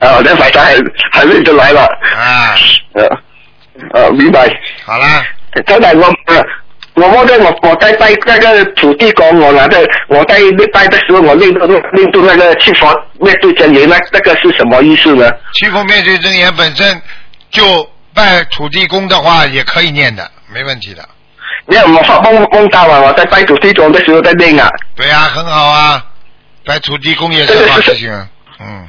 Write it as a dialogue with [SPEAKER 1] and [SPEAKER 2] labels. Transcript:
[SPEAKER 1] 哦、啊，啲佛仔還還認就來了啊，
[SPEAKER 2] 呃、啊、哦、啊，明白。好啦，咁但我我我咧，我我拜拜那個土地公，我拿得我在拜的時候我令到，我念念念念讀那個祈福，念讀真言，那、這個是什麼意思呢？
[SPEAKER 1] 祈福面對真言本身就拜土地公的話，也可以念的，沒問題的。你我發夢夢到啊，我在拜土地公的時候在念啊。對啊，很好啊，拜土地公也、啊、是好事情啊，嗯。